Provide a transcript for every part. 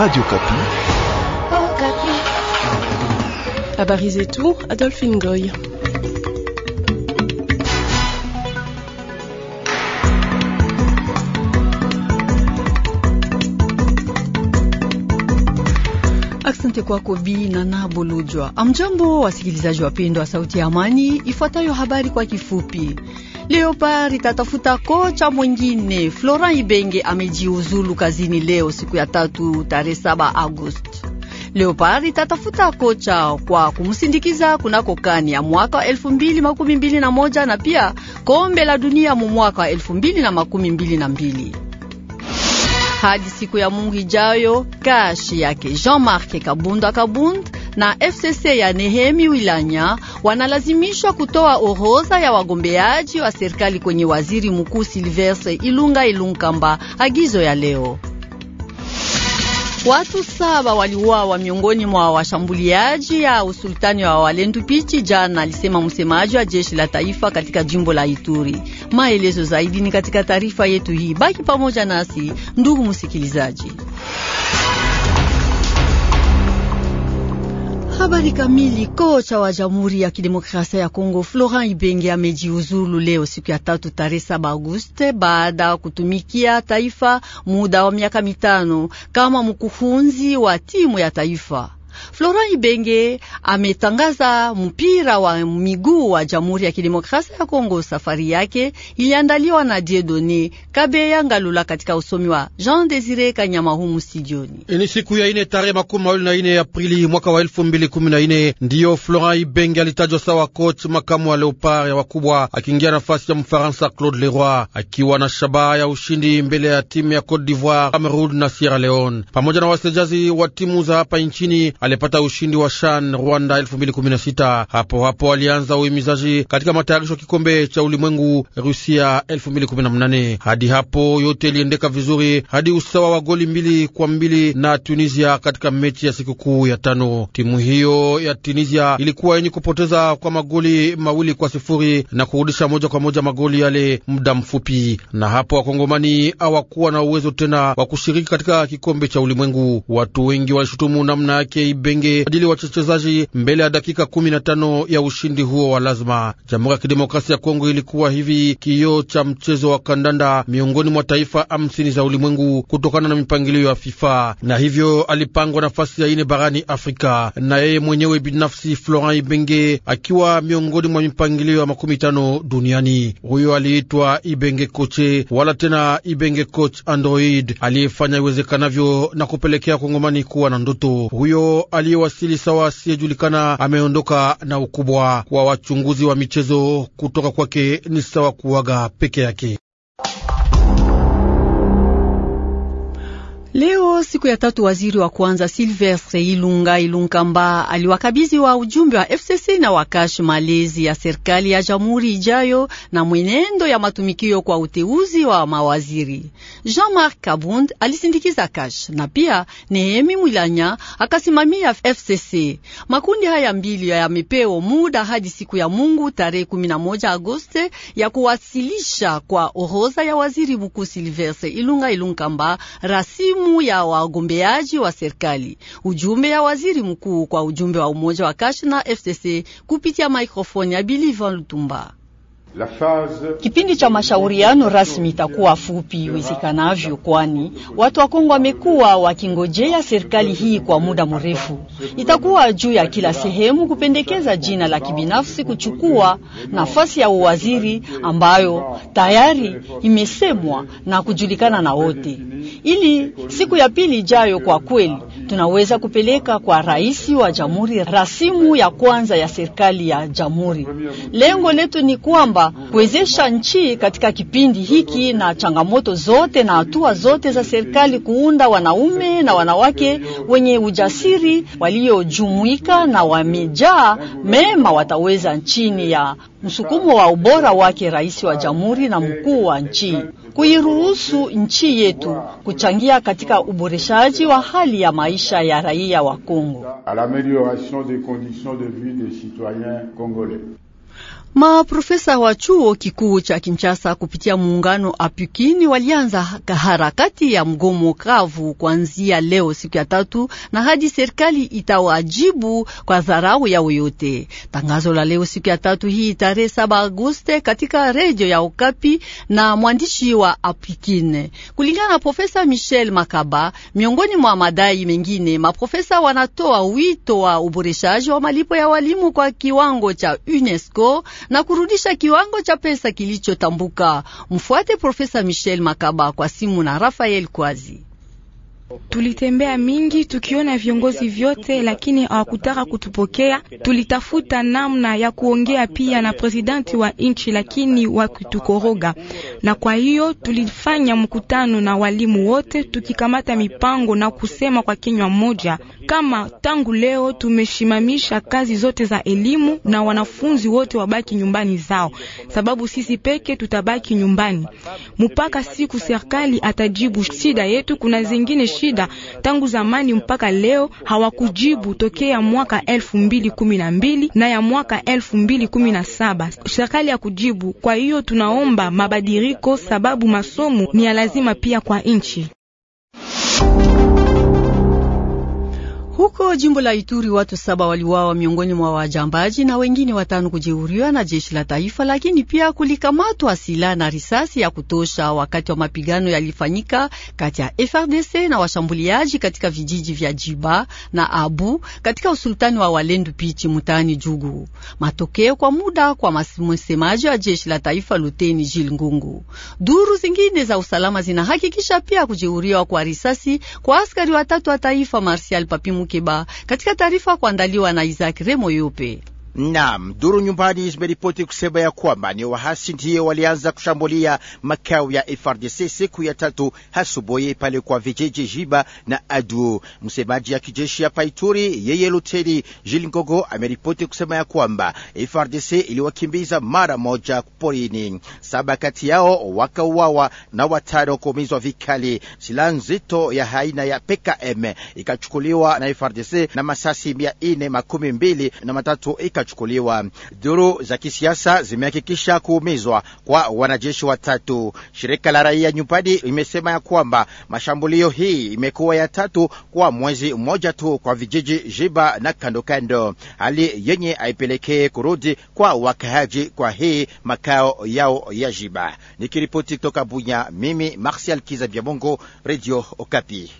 Radio Kapi. Oh, Kapi. Habari zetu, Adolphe Ngoy. Asante kwako Bi Nana Bolojwa. Amjambo wasikilizaji wapendwa Sauti ya Amani, ifuatayo habari kwa kifupi. Leopard itatafuta kocha mwingine. Florent Ibenge amejiuzulu kazini leo siku ya tatu tarehe 7 Agosti. Leopard itatafuta kocha kwa kumsindikiza kunako kani ya mwaka wa 2021 na pia kombe la dunia mu mwaka wa mbili Hadi siku ya Mungu ijayo, kashi yake Jean-Marc Kabunda kabunda na FCC ya Nehemi Wilanya wanalazimishwa kutoa orodha ya wagombeaji wa serikali kwenye waziri mkuu Silvestre Ilunga Ilunkamba. Agizo ya leo Watu saba waliuawa miongoni mwa washambuliaji ya usultani wa Walendu Pichi jana, alisema msemaji wa jeshi la taifa katika jimbo la Ituri. Maelezo zaidi ni katika taarifa yetu hii. Baki pamoja nasi ndugu msikilizaji. Habari kamili. Kocha wa Jamhuri ya Kidemokrasia ya Kongo Florent Ibenge amejiuzulu leo siku ya tatu tarehe saba Auguste baada ya kutumikia taifa muda wa miaka mitano kama mkufunzi wa timu ya taifa. Florent Ibenge ametangaza mpira wa miguu wa Jamhuri ya Kidemokrasia ya Kongo. Safari yake iliandaliwa na Diedone Kabeya Ngalula katika usomi wa Jean Desire Kanyama humu studioni. Ni siku ya ine tarehe makumi mawili na ine Aprili mwaka wa elfu mbili kumi na ine ndiyo Florent Ibenge alitajwa sawa coach makamu wa Leopard ya wakubwa, akiingia nafasi ya Mfaransa Claude Leroy, akiwa na shabaha ya ushindi mbele ya timu ya Cote d'Ivoire, Cameroon na Sierra Leone pamoja na wasejazi wa timu za hapa nchini alipata ushindi wa Shan Rwanda 2016. Hapo hapo alianza uhimizaji katika matayarisho ya kikombe cha ulimwengu Rusia 2018. Hadi hapo yote iliendeka vizuri hadi usawa wa goli mbili kwa mbili na Tunisia katika mechi ya sikukuu ya tano. Timu hiyo ya Tunisia ilikuwa yenye kupoteza kwa magoli mawili kwa sifuri na kurudisha moja kwa moja magoli yale muda mfupi, na hapo wakongomani hawakuwa na uwezo tena wa kushiriki katika kikombe cha ulimwengu. Watu wengi walishutumu namna yake Ibenge ajili wachezaji mbele ya dakika kumi na tano ya ushindi huo wa lazima. Jamhuri ya Kidemokrasia ya Kongo ilikuwa hivi kioo cha mchezo wa kandanda miongoni mwa taifa hamsini za ulimwengu kutokana na mipangilio ya FIFA, na hivyo alipangwa nafasi ya ine barani Afrika, na yeye mwenyewe binafsi Florent Ibenge akiwa miongoni mwa mipangilio ya makumi tano duniani. Huyo aliitwa Ibenge koche wala tena Ibenge coach android aliyefanya iwezekanavyo na kupelekea Kongomani kuwa na ndoto huyo aliyewasili sawa asiyejulikana ameondoka na ukubwa wa wachunguzi wa michezo kutoka kwake ni sawa kuwaga peke yake. Leo siku ya tatu, waziri wa kwanza Silvestre Ilunga Ilunkamba aliwakabidhi wa ujumbe wa FCC na wakash malezi ya serikali ya jamhuri ijayo na mwenendo ya matumikio kwa uteuzi wa mawaziri. Jean-Marc Kabund alisindikiza kash na pia Nehemi Mwilanya akasimamia FCC. Makundi haya mbili yamepewa muda hadi siku ya Mungu tarehe 11 Agosti ya kuwasilisha kwa orodha ya waziri mkuu Silvestre Ilunga Ilunkamba rasimu fomu ya wagombeaji wa serikali. Ujumbe ya waziri mkuu kwa ujumbe wa umoja wa kashi na FCC kupitia maikrofoni ya Bilivan Lutumba. Kipindi cha mashauriano rasmi itakuwa fupi iwezekanavyo, kwani watu wa Kongo wamekuwa wakingojea serikali hii kwa muda mrefu. Itakuwa juu ya kila sehemu kupendekeza jina la kibinafsi kuchukua nafasi ya uwaziri ambayo tayari imesemwa na kujulikana na wote, ili siku ya pili ijayo kwa kweli tunaweza kupeleka kwa rais wa jamhuri rasimu ya kwanza ya serikali ya jamhuri. Lengo letu ni kwamba kuwezesha nchi katika kipindi hiki na changamoto zote na hatua zote za serikali kuunda wanaume na wanawake wenye ujasiri waliojumuika na wamejaa mema wataweza nchini ya msukumo wa ubora wake rais wa jamhuri na mkuu wa nchi kuiruhusu nchi yetu kuchangia katika uboreshaji wa hali ya maisha à l'amélioration des conditions de vie des citoyens congolais, Maprofesa wa chuo kikuu cha Kinshasa kupitia muungano Apukini walianza harakati ya mgomo kavu kuanzia leo siku ya tatu na hadi serikali itawajibu kwa dharau yao yote. Tangazo la leo siku ya tatu hii tarehe saba agoste katika redio ya Okapi na mwandishi wa Apukine. Kulingana na Profesa Michel Makaba, miongoni mwa madai mengine, maprofesa wanatoa wito wa uboreshaji wa malipo ya walimu kwa kiwango cha UNESCO na kurudisha kiwango cha pesa kilichotambuka. Mfuate Profesa Michel Makaba kwa simu na Rafael Kwazi. Tulitembea mingi tukiona viongozi vyote, lakini hawakutaka kutupokea. Tulitafuta namna ya kuongea pia na presidenti wa nchi, lakini wakitukoroga. Na kwa hiyo tulifanya mkutano na walimu wote, tukikamata mipango na kusema kwa kinywa moja kama tangu leo tumeshimamisha kazi zote za elimu na wanafunzi wote wabaki nyumbani zao, sababu sisi peke tutabaki nyumbani mpaka siku serikali atajibu shida yetu. Kuna zingine shida tangu zamani mpaka leo hawakujibu tokea mwaka elfu mbili kumi na mbili na ya mwaka elfu mbili kumi na saba serikali ya kujibu. Kwa hiyo tunaomba mabadiriko, sababu masomo ni ya lazima pia kwa nchi. Huko jimbo la Ituri watu saba waliwawa miongoni mwa wajambaji na wengine watano kujeruhiwa na jeshi la taifa, lakini pia kulikamatwa silaha na risasi ya kutosha wakati wa mapigano yalifanyika kati ya FRDC na washambuliaji katika vijiji vya Jiba na Abu katika usultani wa Walendu Pichi mutani Jugu. Matokeo kwa muda kwa msemaji wa jeshi la taifa Luteni Jil Ngungu. Duru zingine za usalama zinahakikisha pia kujeruhiwa kwa risasi kwa askari watatu wa taifa Marsial Papimu Mukeba katika taarifa kuandaliwa na Isaac Remo Yupe. Naam, duru nyumbani zimeripoti kusema ya kwamba ni wahasi ndiye walianza kushambulia makao ya FRDC siku ya tatu asubuhi pale kwa vijiji Jiba na Adu. Msemaji ya kijeshi ya Paituri yeye Luteni Jilingogo ameripoti kusema ya kwamba FRDC iliwakimbiza mara moja porini, saba kati yao wakauawa na watano kuumizwa vikali. Silaha nzito ya aina ya PKM ikachukuliwa na FRDC na masasi mia nne makumi mbili na matatu ika zitachukuliwa. Duru za kisiasa zimehakikisha kuumizwa kwa wanajeshi watatu. Shirika la raia nyumbani imesema ya kwamba mashambulio hii imekuwa ya tatu kwa mwezi mmoja tu kwa vijiji Jiba na kandokando, hali yenye haipelekee kurudi kwa wakaaji kwa hii makao yao ya Jiba. Nikiripoti kutoka Bunya, mimi Marsial Kiza Byamungu, Radio Okapi.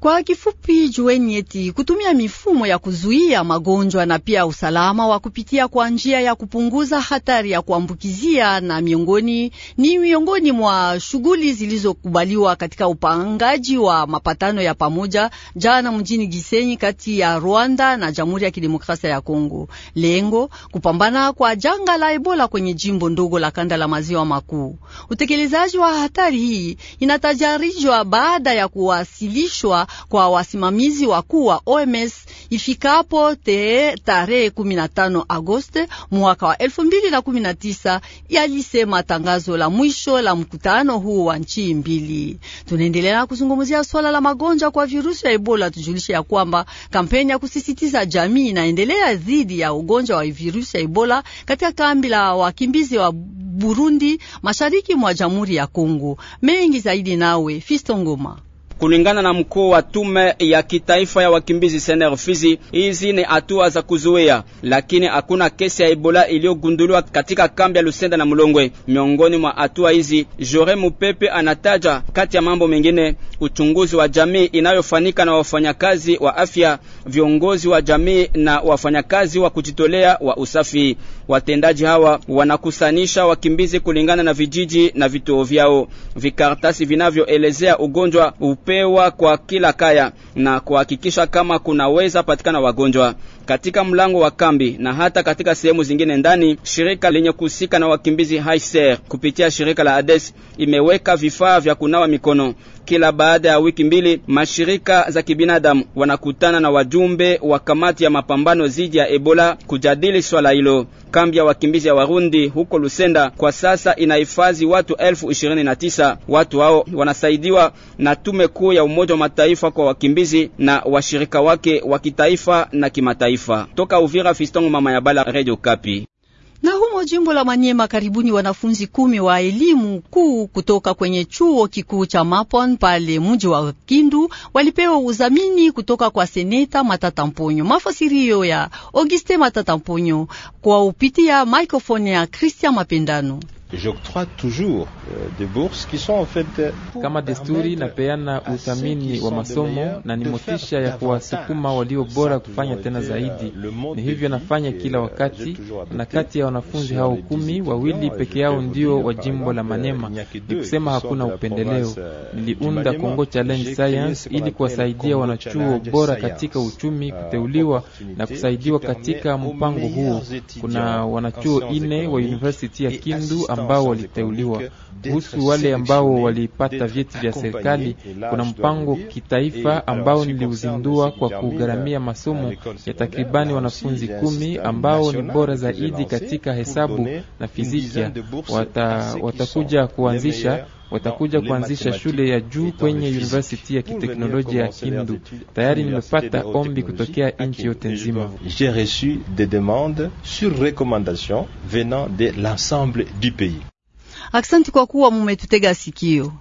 Kwa kifupi, jueni eti kutumia mifumo ya kuzuia magonjwa na pia usalama wa kupitia kwa njia ya kupunguza hatari ya kuambukizia na miongoni ni miongoni mwa shughuli zilizokubaliwa katika upangaji wa mapatano ya pamoja jana mjini Gisenyi kati ya Rwanda na Jamhuri ya Kidemokrasia ya Kongo. Lengo kupambana kwa janga la Ebola kwenye jimbo ndogo la kanda la maziwa makuu. Utekelezaji wa hatari hii inatajarijwa baada ya kuwasilishwa kwa wasimamizi wakuu wa OMS ifikapo te tarehe 15 Agosti mwaka wa 2019, yalisema tangazo la mwisho la mkutano huu wa nchi mbili. Tunaendelea kuzungumzia swala la magonjwa kwa virusi ya Ebola. Tujulishe ya kwamba kampeni ya kusisitiza jamii inaendelea dhidi ya ugonjwa wa virusi ya Ebola katika kambi la wakimbizi wa Burundi mashariki mwa Jamhuri ya Kongo. Mengi zaidi nawe Fisto Ngoma. Kulingana na mkuu wa tume ya kitaifa ya wakimbizi Sener Fizi, hizi ni hatua za kuzuia, lakini hakuna kesi ya Ebola iliyogunduliwa katika kambi ya Lusenda na Mulongwe. Miongoni mwa hatua hizi, Jore Mupepe anataja kati ya mambo mengine uchunguzi wa jamii inayofanyika na wafanyakazi wa afya, viongozi wa jamii na wafanyakazi wa kujitolea wa usafi. Watendaji hawa wanakusanisha wakimbizi kulingana na vijiji na vituo vyao. Vikaratasi vinavyoelezea ugonjwa upe kupewa kwa kila kaya na kuhakikisha kama kunaweza patikana wagonjwa katika mlango wa kambi na hata katika sehemu zingine ndani. Shirika lenye kuhusika na wakimbizi Haiser kupitia shirika la ADES imeweka vifaa vya kunawa mikono kila baada ya wiki mbili. Mashirika za kibinadamu wanakutana na wajumbe wa kamati ya mapambano dhidi ya Ebola kujadili swala hilo. Kambi ya wakimbizi ya Warundi huko Lusenda kwa sasa inahifadhi watu elfu ishirini na tisa. Watu hao wanasaidiwa na tume kuu ya Umoja wa Mataifa kwa wakimbizi na washirika wake wa kitaifa na kimataifa. Toka Uvira, Fistongo Mama ya Bala, Radio Kapi. Na humo jimbo la Manyema, karibuni wanafunzi kumi wa elimu kuu kutoka kwenye chuo kikuu cha Mapon pale mji wa Kindu walipewa uzamini kutoka kwa seneta Matata Mponyo. Mafasirio ya Auguste Matata Mponyo kwa upitia maikrofoni ya Christian Mapendano. J'octroie toujours euh, des bourses qui sont en fait euh, kama desturi, napeana uthamini wa masomo na ni motisha ya kuwasukuma walio bora kufanya tena euh, zaidi. Ni hivyo nafanya kila wakati, na kati ya wanafunzi hao kumi, wawili peke yao ndio wa jimbo la Manema. Ni kusema hakuna upendeleo. Niliunda Kongo Challenge Science ili kuwasaidia wanachuo bora katika uchumi kuteuliwa na kusaidiwa katika mpango huo. Kuna wanachuo ine wa university ya Kindu ambao waliteuliwa. Kuhusu wale ambao walipata vyeti vya serikali, kuna mpango kitaifa ambao niliuzindua kwa kugharamia masomo ya takribani wanafunzi kumi ambao ni bora zaidi katika hesabu na fizikia, watakuja wata kuanzisha watakuja kuanzisha shule ya juu kwenye University ya kiteknolojia ya Kindu. Tayari nimepata ombi kutokea nchi yote nzima. J'ai reçu des demandes sur recommandation venant de l'ensemble du pays. Aksanti kwa kuwa mumetutega sikio.